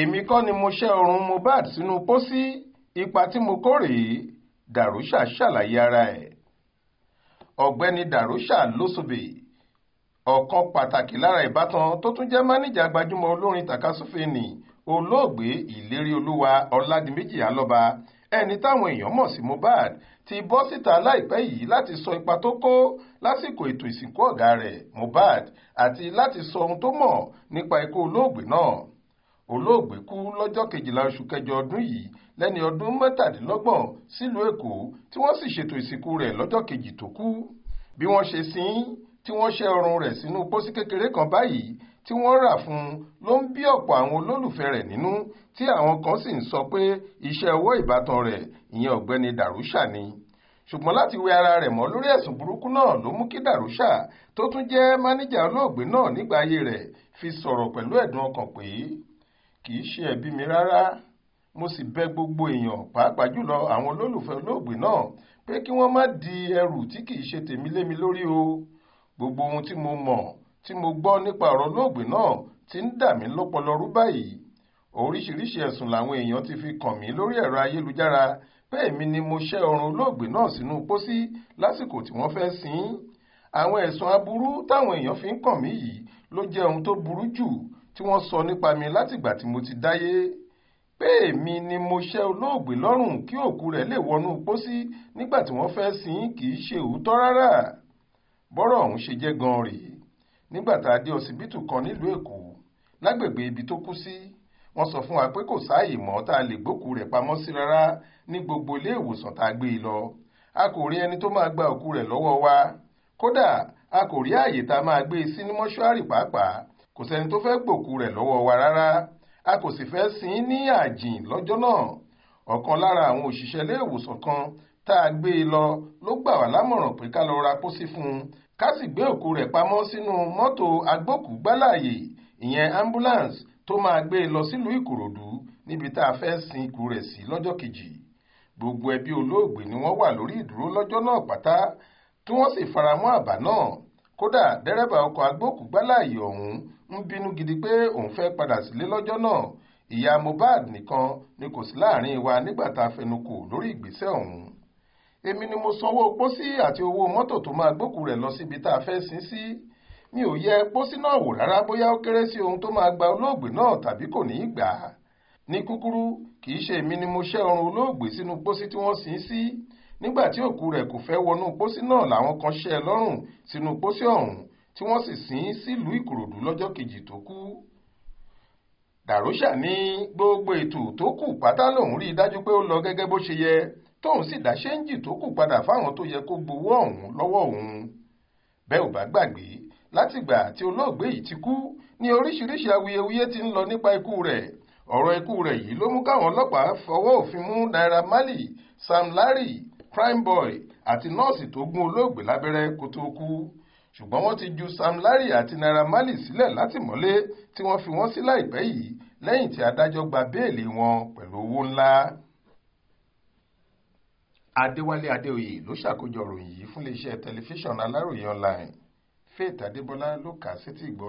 èmi kọ́ ni mo ṣẹ́ ọrùn Mohbad sínú pósí ipa tí mo kó rèé Darusha ṣàlàyé ara ẹ̀ ọ̀gbẹ́ni Darusha lóṣùbè ọ̀kan pàtàkì lára ìbátan tó tún jẹ́ máníjà gbajúmọ̀ olórin takasúfèé ni olóògbé ìlérí olúwa ọládìméjì alọ́ba ẹni táwọn èèyàn mọ̀ sí Mohbad ti bọ́ síta láìpẹ́ yìí láti sọ ipa tó kó lásìkò ètò ìsìnkú ọ̀gá rẹ̀ Mohbad àti láti sọ ohun tó mọ̀ nípa ikú olóògbé náà olóògbé kú lọ́jọ́ kejìlá oṣù kẹjọ ọdún yìí lẹ́ni ọdún mẹ́tàdínlọ́gbọ̀n sílùú èkó tí wọ́n sì ṣètò ìsìnkú rẹ̀ lọ́jọ́ kejì tó kú bí wọ́n ṣe sin ín tí wọ́n ṣe ọrùn rẹ̀ sínú pósí kékeré kan báyìí tí wọ́n rà fún un ló ń bí ọ̀pọ̀ àwọn olólùfẹ́ rẹ̀ nínú tí àwọn kan sì ń sọ pé iṣẹ́ ọwọ́ ìbátan rẹ̀ ìyẹn ọ̀gbẹ́ni dàrúṣà ni ṣùgbọ́n láti wẹ ara rẹ̀ mọ́ lórí ẹ̀sùn burúkú náà ló mú kí dàrúṣà tó tún jẹ́ máníjà olóògbé náà nígbà ayé rẹ̀ fi sọ̀rọ̀ pẹ̀lú ẹ̀dùn ọkàn pé kì í ṣe ẹ̀bi mi rárá mo sì bẹ gbogbo èèyàn pàápàá jùlọ àwọn olólùfẹ́ olóògbé náà pé kí wọ́n má di ẹrù tí kì í ṣe tèmi lé lórí o gbogbo ohun tí mo mọ̀ tí mo gbọ́ nípa ọ̀rọ̀ olóògbé náà ti ń dà mí lọ́pọlọ rú báyìí oríṣiríṣi ẹ̀sùn làwọn èèyàn ti fi kàn mí lórí ẹ̀rọ ayélujára pé èmi ni mo ṣẹ́ ọrùn olóògbé náà sínú pósí lásìkò tí wọ́n fẹ́ sin ín àwọn ẹ̀sùn aburú táwọn èèyàn fi ń kàn mí yìí ló jẹ́ ohun tó burú jù tí wọ́n sọ nípa mi látìgbà tí mo ti dáyé pé èmi ni mo ṣẹ́ olóògbé lọ́rùn kí òkú rẹ̀ lè wọnú pósí nígbà tí wọ́n fẹ́ sin kì í ṣe òótọ́ rárá bọ́rọ̀ ọ̀hún ṣe jẹ́ gan rèé nígbà tá a dé ọsibítù kan nílùú èkó lágbègbè ibi tó kú sí wọ́n sọ fún wa pé kò sáàyè mọ́ tá a lè gbókù rẹ̀ pamọ́ sí rárá ní gbogbo ilé ìwòsàn tá a gbé e lọ a kò rí ẹni tó máa gba òkú rẹ̀ lọ́wọ́ wa kódà a kò rí ààyè tá a máa gbé e sí ní mọ́ṣúárì pàápàá kò sẹ́ni tó fẹ́ gbòkú rẹ̀ lọ́wọ́ wa rárá a kò sì fẹ́ sin ní àjìn lọ́jọ́ náà ọ̀kan lára àwọn òṣìṣẹ́ ilé ìwòsàn kan tá a gbé e lọ ló gbà wá lámọ̀ràn pé ká lọ ra pósí fún un ká sì gbé òkú rẹ̀ pamọ́ sínú mọ́tò agbókùúgbálàyè ìyẹn ambulance tó máa gbé e lọ sílùú ìkòròdú níbi tá a fẹ́ sin ikú rẹ̀ sí lọ́jọ́ kejì gbogbo ẹbí olóògbé ni wọ́n wà lórí ìdúró lọ́jọ́ náà pátá tí wọ́n sì faramọ́ àbá náà kódà dẹ́rẹ́bà ọkọ̀ agbókùgbáláyè ọ̀hún ń bínú gidi pé òun fẹ́ padà sílé lọ́jọ́ náà ìyá Mohbad nìkan ni kò sí láàrin wa nígbà tá a fẹnukò lórí ìgbésẹ̀ ọ̀hún èmi ni mo sanwó pósí àti owó mọ́tò tó máa gbókù rẹ̀ lọ síbi tá a fẹ́ sin sí mi ò yẹ pósí náà wò rárá bóyá ó kéré sí ohun tó máa gba olóògbé náà tàbí kò ní í gbà á ní kúkúrú kì í ṣe èmi ni mo ṣẹ́ ọrùn olóògbé sínú pósí tí wọ́n sin sí nígbà tí òkú rẹ̀ kò fẹ́ wọnú pósí náà làwọn kan ṣẹ́ ẹ lọ́rùn sínú pósí ọ̀hún tí wọ́n sì sìn sílùú ìkòròdú lọ́jọ́ kejì tó kú dàrósà ní gbogbo ètò tó kù pátá lòun rí i dájú pé ó lọ gẹ́gẹ́ bó ṣe yẹ tóun sì dá ṣéǹjì tó kù padà fáwọn tó yẹ kó gbowó ọ̀hún lọ́wọ́ òun bẹ́ẹ̀ ò bá gbàgbé látìgbà tí olóògbé yìí ti kú ní oríṣiríṣi awuyewuye ti ń lọ nípa ikú rẹ̀ ọ̀rọ̀ ikú rẹ̀ yìí ló mú káwọn ọlọ́pàá fọwọ́ òfin mú Naira Marley Sam Larry prime boy àti nọ́ọ̀sì tó gún olóògbé lábẹ́rẹ́ kó tó kú ṣùgbọ́n wọ́n ti ju sam larry àti naira marley sílẹ̀ látìmọ́lé tí wọ́n fi wọ́n sí láìpẹ́ yìí lẹ́yìn tí adájọ́ gba béèlì wọn pẹ̀lú owó ńlá. adéwálé adéoyè ló ṣàkójọ ròyìn yìí fún iléeṣẹ́ tẹlifíṣàn aláròye online faith adébọlá ló kà á sétí ìgbọ́